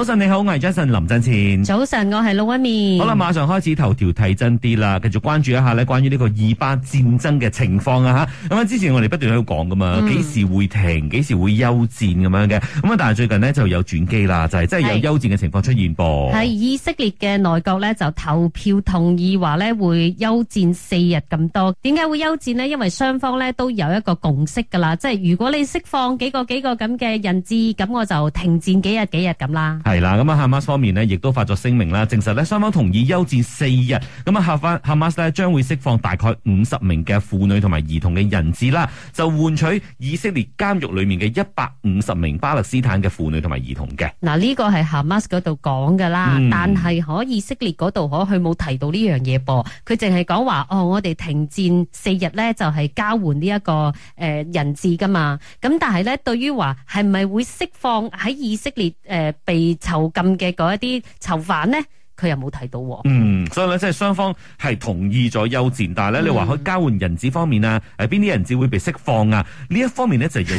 早晨，你好，我係 Jason，林振前。早晨，我係露一面。好啦，馬上開始頭條睇真啲啦，繼續關注一下呢，關於呢個以巴戰爭嘅情況啊吓。咁啊，之前我哋不斷喺度講噶嘛，幾、嗯、時會停，幾時會休戰咁樣嘅。咁啊，但係最近呢就有轉機啦，就係真係有休戰嘅情況出現噃。喺以色列嘅內閣咧就投票同意話呢會休戰四日咁多。點解會休戰呢？因為雙方呢都有一個共識噶啦，即係如果你釋放幾個幾個咁嘅人質，咁我就停戰幾日幾日咁啦。係啦，咁啊哈馬斯方面呢，亦都發咗聲明啦，證實咧，雙方同意休戰四日。咁啊，下翻哈馬斯咧將會釋放大概五十名嘅婦女同埋兒童嘅人質啦，就換取以色列監獄裏面嘅一百五十名巴勒斯坦嘅婦女同埋兒童嘅。嗱，呢個係哈馬斯嗰度講噶啦，但係喺以色列嗰度可佢冇提到呢樣嘢噃，佢淨係講話哦，我哋停戰四日呢、這個，就係交換呢一個誒人質噶嘛。咁但係呢，對於話係咪會釋放喺以色列誒、呃、被囚禁嘅嗰一啲囚犯呢？佢又冇睇到喎、嗯。嗯，所以咧即係雙方係同意咗休戰，但係咧你話去交換人質方面啊，誒邊啲人質會被釋放啊？呢一方面呢，就有少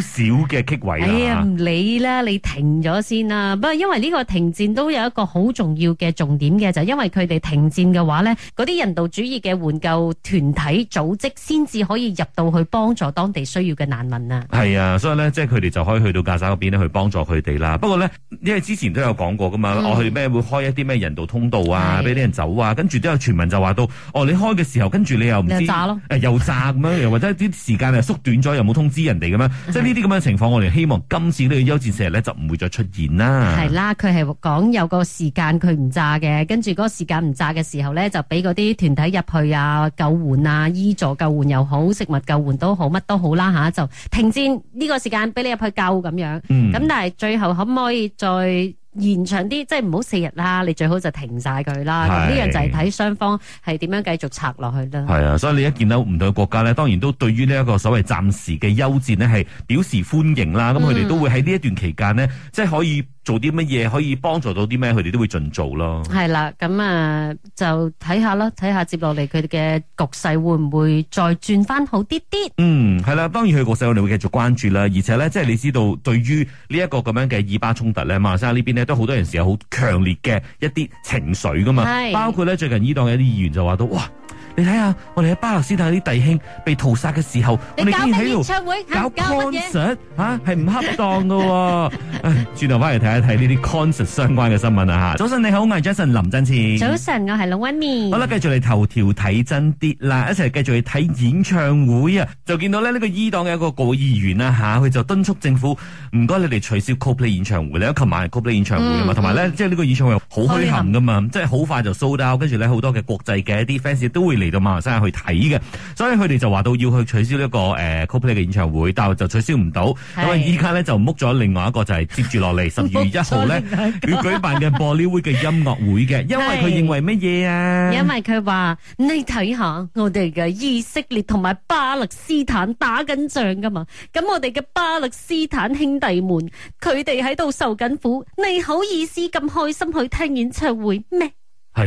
少嘅棘位。你嚇、 哎，唔理啦，你停咗先啦。不過因為呢個停戰都有一個好重要嘅重點嘅，就係、因為佢哋停戰嘅話呢，嗰啲人道主義嘅援救團體組織先至可以入到去幫助當地需要嘅難民啊。係、嗯、啊，所以呢，即係佢哋就可以去到加沙嗰邊去幫助佢哋啦。不過呢，因為之前都有講過噶嘛，嗯、我去咩會開一啲。啲咩人道通道啊，俾啲人走啊，跟住都有傳聞就話到，哦，你開嘅時候，跟住你又唔知誒又炸咁樣，又或者啲時間係縮短咗，又冇通知人哋咁樣，即係呢啲咁樣嘅情況，我哋希望今次呢個休戰四日咧就唔會再出現啦。係啦，佢係講有個時間佢唔炸嘅，跟住嗰個時間唔炸嘅時候咧，就俾嗰啲團體入去啊，救援啊，醫助救援又好，食物救援都好，乜都好啦吓，就停戰呢個時間俾你入去救咁樣。嗯，咁但係最後可唔可以再？延長啲，即係唔好四日啦，你最好就停晒佢啦。咁呢的樣就係睇雙方係點樣繼續拆落去啦。係啊，所以你一見到唔同嘅國家咧，當然都對於呢一個所謂暫時嘅休戰呢，係表示歡迎啦。咁佢哋都會喺呢一段期間呢，嗯、即係可以。做啲乜嘢可以幫助到啲咩，佢哋都會盡做咯。係啦，咁啊就睇下啦，睇下接落嚟佢哋嘅局勢會唔會再轉翻好啲啲？嗯，係啦，當然佢局勢我哋會繼續關注啦。而且咧，即係你知道，對於呢一個咁樣嘅以巴衝突咧，馬生呢邊咧都好多人持有好強烈嘅一啲情緒噶嘛。係的，包括咧最近呢檔嘅一啲議員就話到，哇！你睇下，我哋喺巴勒斯坦啲弟兄被屠殺嘅時候，你搞演唱會我哋竟然喺度搞 concert，嚇係唔恰當噶、啊。 唉，轉頭翻嚟睇一睇呢啲 concert 相關嘅新聞啊！吓，早晨你好，我係 Jason 林振前。早晨，我係龍威面。好啦，繼續嚟頭條睇真啲啦，一齊繼續去睇演唱會啊！就見到咧呢、這個伊黨嘅一個國議員啊，吓、啊，佢就敦促政府唔該你哋取消 Coldplay 演唱會啦。琴晚係 Coldplay 演唱會嘛，同埋咧即係呢個演唱會好墟冚噶嘛，嗯、即係好快就 sold out，跟住咧好多嘅國際嘅一啲 fans 都會。嚟到馬來西亞去睇嘅，所以佢哋就話到要去取消一，這個誒 Coldplay 嘅演唱會，但係就取消唔到。咁依家咧就 book 咗另外一個就係、是、接住落嚟十二月1呢 一號咧要舉辦嘅博覽會嘅音樂會嘅，因為佢認為乜嘢啊？因為佢話你睇下我哋嘅以色列同埋巴勒斯坦打緊仗噶嘛，咁我哋嘅巴勒斯坦兄弟們佢哋喺度受緊苦，你好意思咁開心去聽演唱會咩？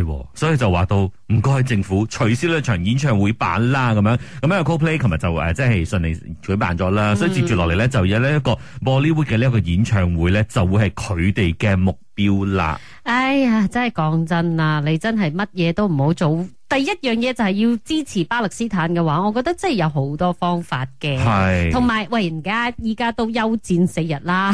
係，所以就話到唔該政府取消呢場演唱會版啦，咁樣咁樣。Coldplay 琴日就誒，即係順利舉辦咗啦，嗯、所以接住落嚟咧，就有呢一個 Bollywood 嘅呢一個演唱會咧，就會係佢哋嘅目的。標立，哎呀，真係講真啦，你真係乜嘢都唔好做。第一樣嘢就係要支持巴勒斯坦嘅話，我覺得真係有好多方法嘅。係，同埋喂，人家而家都休戰四日啦，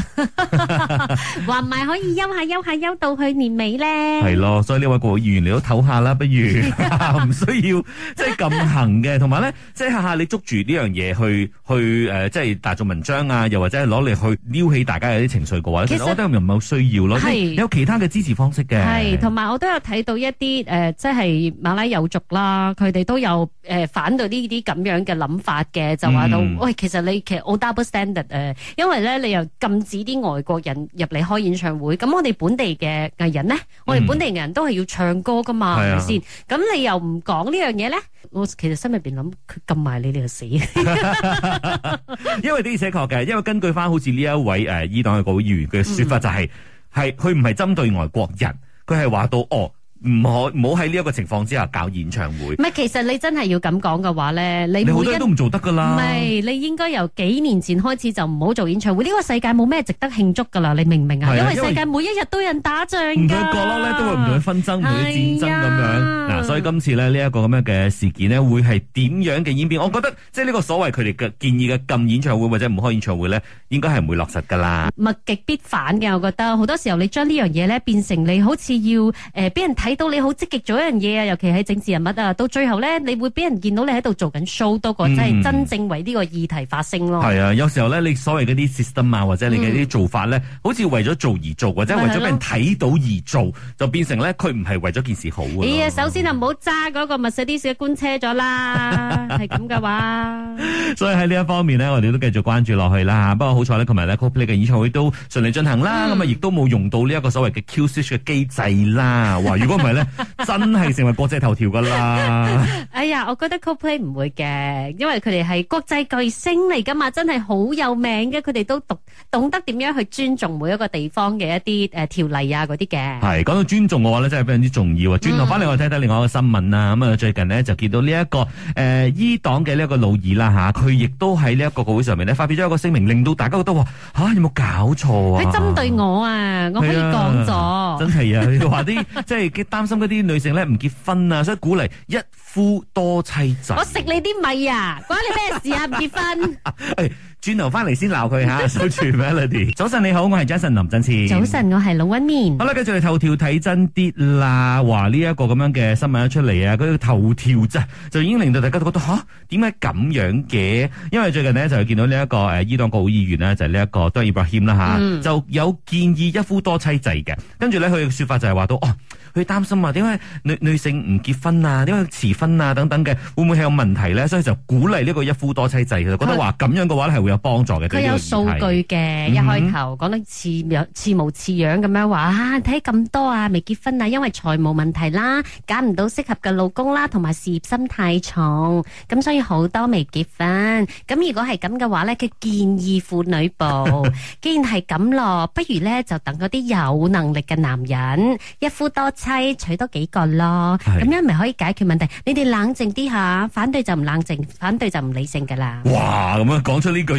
話唔埋可以休下休下休到去年尾咧。係咯，所以呢位國會議員你都唞下啦，不如唔需要即係咁行嘅，同埋咧即係下下你捉住呢樣嘢去去誒，即係大做文章啊，又或者係攞嚟去撩起大家有啲情緒嘅話，其實我覺得有冇需要咯。有其他嘅支持方式嘅，係同埋我都有睇到一啲誒、呃，即係馬拉友族啦，佢哋都有誒、呃、反對呢啲咁樣嘅諗法嘅，就話到、嗯、喂，其實你其實我 double standard、呃、因為咧你又禁止啲外國人入嚟開演唱會，咁我哋本地嘅藝人咧，嗯、我哋本地人都係要唱歌噶嘛，係咪先？咁你又唔講呢樣嘢咧？我其實心入面諗，佢禁埋你哋就死， 因為啲寫確嘅，因為根據翻好似呢一位誒伊黨嘅國會議員嘅說法就係、是。嗯係，佢唔係針對外國人，佢係話到哦。唔可唔好喺呢一個情況之下搞演唱會。唔係，其實你真係要咁講嘅話咧，你好多都唔做得噶啦。唔係，你應該由幾年前開始就唔好做演唱會。呢、這個世界冇咩值得慶祝噶啦，你明唔明啊？因為，因為世界每一日都有人打仗。唔同角落咧，都會唔同紛爭，唔同戰爭咁、啊、樣。嗱、啊，所以今次咧呢一、這個咁樣嘅事件呢，會係點樣嘅演變？我覺得即係呢個所謂佢哋嘅建議嘅禁演唱會或者唔開演唱會咧，應該係唔會落實噶啦。物極必反嘅，我覺得好多時候你將呢樣嘢咧變成你好似要誒俾、呃、人睇。睇到你好積極做一樣嘢啊，尤其係政治人物啊，到最後咧，你會俾人見到你喺度做緊 show 多過真係、嗯、真正為呢個議題發聲咯。係啊，有時候咧，你所謂嗰啲 system 啊，或者你嘅啲做法咧，嗯、好似為咗做而做，或者為咗俾人睇到而做，嗯、就變成咧佢唔係為咗件事好嘅、哎。首先就唔好揸嗰個密室啲嘅官車咗啦，係咁嘅話。所以喺呢一方面咧，我哋都繼續關注落去啦。不過好彩咧，今日咧 Coldplay 嘅演唱會都順利進行啦，咁啊亦都冇用到呢一個所謂嘅 Q switch 嘅機制啦。咪咧，真係成為國際頭條噶啦！哎呀，我覺得 coplay 唔會嘅，因為佢哋係國際巨星嚟噶嘛，真係好有名嘅。佢哋都懂懂得點樣去尊重每一個地方嘅一啲誒條例啊嗰啲嘅。係講到尊重嘅話咧，真係非常之重要啊！轉頭翻嚟我睇睇另外一個新聞啊，咁啊最近咧就見到呢一個誒伊黨嘅呢一個老二啦吓，佢亦都喺呢一個國會上面咧發表咗一個聲明，令到大家都覺得話吓，有冇搞錯啊？佢針對我啊，我可以講咗。真係啊，佢話啲即係嘅。擔心嗰啲女性咧唔結婚啊，所以鼓勵一夫多妻制。我食你啲米啊，關你咩事啊？唔 結婚。 哎轉頭翻嚟先鬧佢吓， 早晨你好，我係 Jason 林振志。早晨，我係老溫面。好啦，繼續嚟頭條睇真啲啦，話呢一個咁樣嘅新聞出嚟啊，佢、那個、頭條就就已經令到大家都覺得吓，點解咁樣嘅？因為最近呢就見到呢、這、一個誒、啊、伊朗國會議員咧就呢、是、一、這個德意志啦吓，brahim, 啊嗯、就有建議一夫多妻制嘅。跟住咧佢嘅說法就係話到哦，佢擔心啊，點解女女性唔結婚啊，點解遲婚啊等等嘅，會唔會係有問題呢？所以就鼓勵呢個一夫多妻制，佢就覺得話咁樣嘅話係有幫助嘅，佢有數據嘅。嗯、一開頭講得似樣似模似樣咁樣話啊，睇咁多啊，未結婚啊，因為財務問題啦，揀唔到適合嘅老公啦，同埋事業心太重，咁所以好多未結婚。咁如果係咁嘅話呢，佢建議婦女部， 既然係咁咯，不如呢就等嗰啲有能力嘅男人一夫多妻，娶多幾個咯，咁是樣咪可以解決問題。你哋冷靜啲下，反對就唔冷靜，反對就唔理性噶啦。哇，咁樣講出呢句。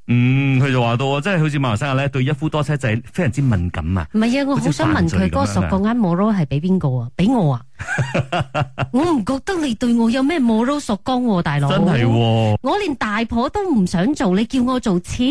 嗯，佢就話到，即係好似馬來西亞咧，對一夫多妻制非常之敏感啊！唔係啊，我好想問佢嗰索光啱摩羅係俾邊個啊？俾我啊！ 我唔覺得你對我有咩摩羅索光喎，啊，大佬！真係，啊，我連大婆都唔想做，你叫我做妾，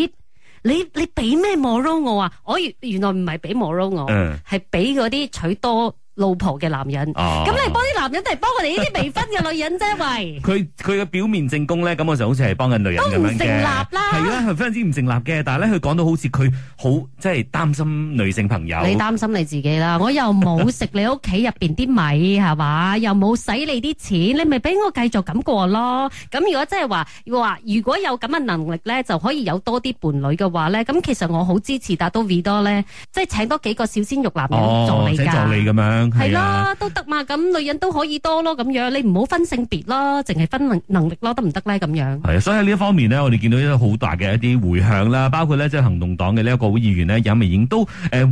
你你俾咩摩羅我啊？我原原來唔係俾摩羅我，係俾嗰啲娶多老婆嘅男人，咁、哦、你幫啲男人都係幫我哋呢啲未婚嘅女人啫，喂！佢佢嘅表面正宮咧，咁我就好似係幫緊女人，都唔成立啦，係啦，非常之唔成立嘅。 但係咧，佢講到好似佢好即係擔心女性朋友，你擔心你自己啦，我又冇食你屋企入邊啲米係嘛， 又冇使你啲錢，你咪俾我繼續咁過咯。咁如果即係話話，如果有咁嘅能力咧，就可以有多啲伴侶嘅話咧，咁其實我好支持達都維多咧，即係請多幾個小鮮肉男人去助你、哦就是、助你咁樣。係啦，都得嘛？咁樣女人都可以多咯，咁樣你唔好分性別咯，淨係分能能力咯，得唔得咧？咁樣係啊，所以喺呢一方面呢我哋見到一啲好大嘅一啲回響啦，包括呢即係行動黨嘅呢一個會議員呢楊美盈都誒，援、呃、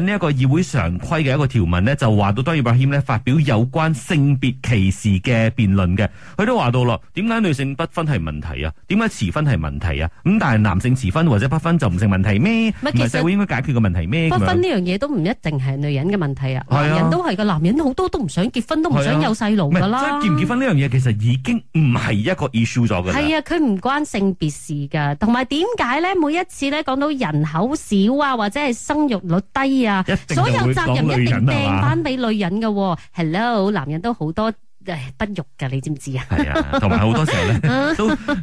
引呢一個議會常規嘅一個條文呢就話到多爾伯謙呢發表有關性別歧視嘅辯論嘅，佢都話到咯，點解女性不婚係問題啊？點解遲婚係問題啊？咁但係男性遲婚或者不婚就唔成問題咩？唔係社會應該解決個問題咩？不婚呢樣嘢都唔一定係女人嘅問題啊，啊男人都都係個男人都好多都唔想結婚，都唔想有細路噶啦。即係結唔結婚呢樣嘢，其實已經唔係一個 issue 咗嘅。係啊，佢唔關性別事噶。同埋點解咧？每一次咧講到人口少啊，或者係生育率低啊，所有責任一定掟翻俾女人嘅。Hello，男人都好多誒不育噶，你知唔知啊？係啊，同埋好多時候咧，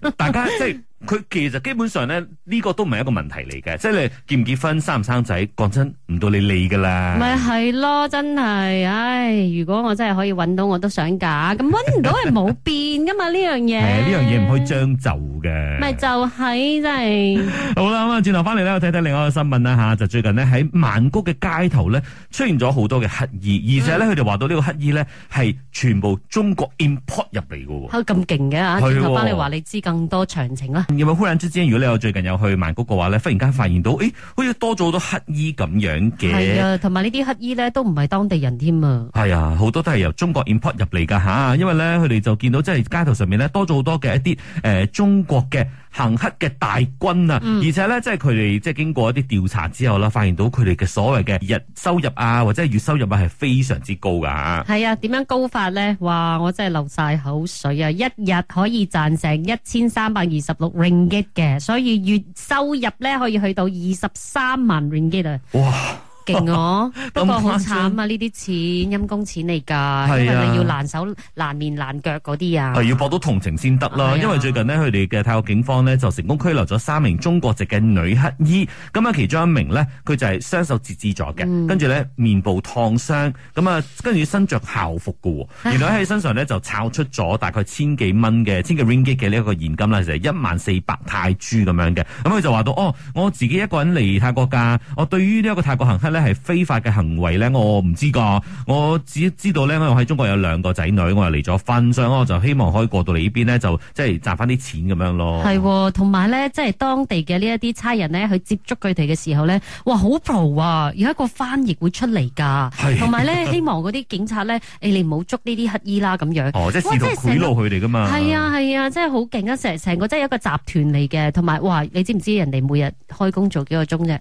都大家即係。佢其實基本上咧，呢個都唔係一個問題嚟嘅，即係你結唔結婚，生唔生仔，講真唔到你理噶啦。咪係咯，真係，唉！如果我真係可以揾到，我都想嫁。咁揾唔到係冇變噶嘛？呢樣嘢，呢樣嘢唔可以將就嘅。咪就係、是、真係。好啦，咁啊，轉頭翻嚟咧，我睇睇另外一個新聞啦吓，就最近呢，喺曼谷嘅街頭咧出現咗好多嘅乞兒，而且咧佢哋話到呢個乞兒咧係全部中國 import 入嚟嘅喎。咁勁嘅嚇，轉頭翻嚟話你知更多詳情啦。有冇忽然之間，如果你有最近有去曼谷嘅話咧，忽然間發現到，咦、哎，好似多咗好多乞兒咁樣嘅。係啊，同埋呢啲乞兒咧，都唔係當地人添啊。係啊、哎，好多都係由中國 import 入嚟噶、啊、因為咧佢哋就見到即係、就是、街頭上面咧多咗好多嘅一啲、呃、中國嘅。行乞嘅大軍啊，嗯、而且咧，即係佢哋即係經過一啲調查之後啦，發現到佢哋嘅所謂嘅日收入啊，或者係月收入啊，係非常之高噶嚇。係啊，點、啊、樣高法咧？哇，我真係流晒口水啊！一日可以賺成一千三百二十六 ringgit 嘅，所以月收入咧可以去到二十三萬 ringgit 啊！哇！勁我、哦，不過好慘啊！呢啲錢陰公錢嚟噶，係咪要爛手爛面爛腳嗰啲啊？係要，啊、要博到同情先得啦，哎、呀因為最近呢，佢哋嘅泰國警方呢，就成功拘留咗三名中國籍嘅女乞衣，咁啊，其中一名呢，佢就係雙手截肢咗嘅，跟住呢，面部燙傷，咁啊，跟住身着校服嘅，原來喺身上呢，就抄出咗大概千幾蚊嘅千幾 ringgit 嘅呢一個現金啦，就係一萬四百泰銖咁樣嘅，咁佢就話到，哦，我自己一個人嚟泰國噶，我對於呢一個泰國行乞。咧係非法嘅行為咧，我唔知噶，我只知道咧，我喺中國有兩個仔女，我又離咗婚，所以我就希望可以過到嚟呢邊咧，就即係賺翻啲錢咁樣咯。係，同埋咧，即係當地嘅呢一啲差人咧，去接觸佢哋嘅時候咧，哇，好 pro 啊！有一個翻譯會出嚟噶，係，同埋咧，希望嗰啲警察咧，誒、哎，你唔好捉呢啲乞衣啦，咁樣。哦，即係試圖賄賂佢哋噶嘛？係啊，係啊，即係好勁啊！成成個個即係一個集團嚟嘅，同埋哇，你知唔知人哋每日開工做幾個鐘啫？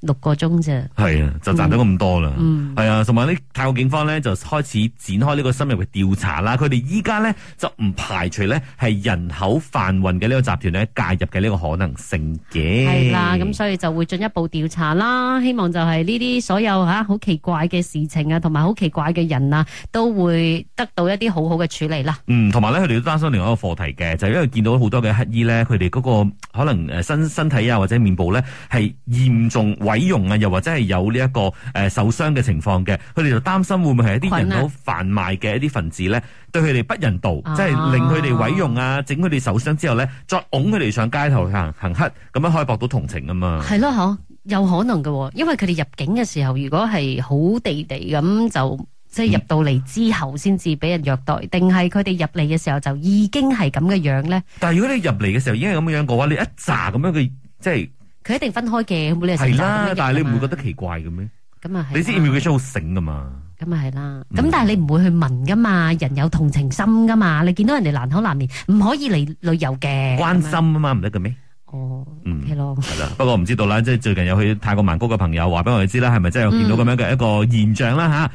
六個鐘啫，係啊，就賺得咁多啦，嗯。嗯，係啊，同埋呢泰國警方咧，就開始展開呢個深入嘅調查啦。佢哋依家咧就唔排除咧係人口販運嘅呢個集團咧介入嘅呢個可能性嘅。係啦，啊，咁所以就會進一步調查啦。希望就係呢啲所有吓好，啊、奇怪嘅事情啊，同埋好奇怪嘅人啊，都會得到一啲好好嘅處理啦。嗯，同埋咧，佢哋都擔心另外一個課題嘅，就係，因為見到好多嘅乞衣咧，佢哋嗰個可能誒身身體啊或者面部咧係嚴重。毀容啊，又或者係有呢一個誒受傷嘅情況嘅，佢哋就擔心會唔會係一啲人口販賣嘅一啲分子咧，對佢哋不人道，即係令佢哋毀容啊，整佢哋受傷之後咧，再㧬佢哋上街頭行行乞，咁樣可以博到同情啊嘛。係咯，嗬，有可能嘅，因為佢哋入境嘅時候，如果係好地地咁就即係入到嚟之後先至俾人虐待，定係佢哋入嚟嘅時候就已經係咁嘅樣咧？但係如果你入嚟嘅時候已經係咁樣嘅話，你一紮咁樣嘅即係。佢一定分開嘅，冇理由一齊。係啦，但係你唔會覺得奇怪嘅咩？咁啊係。你知唔知佢真係好醒嘅嘛？咁啊係啦。咁但係你唔會去問嘅嘛？人有同情心嘅嘛？你見到人哋難口難面，唔可以嚟旅遊嘅。關心啊嘛，唔得嘅咩？哦，嗯，係咯，係啦。不過唔知道啦，即係最近有去泰國曼谷嘅朋友話俾我哋知啦，係咪真係有見到咁樣嘅一個現象啦？吓？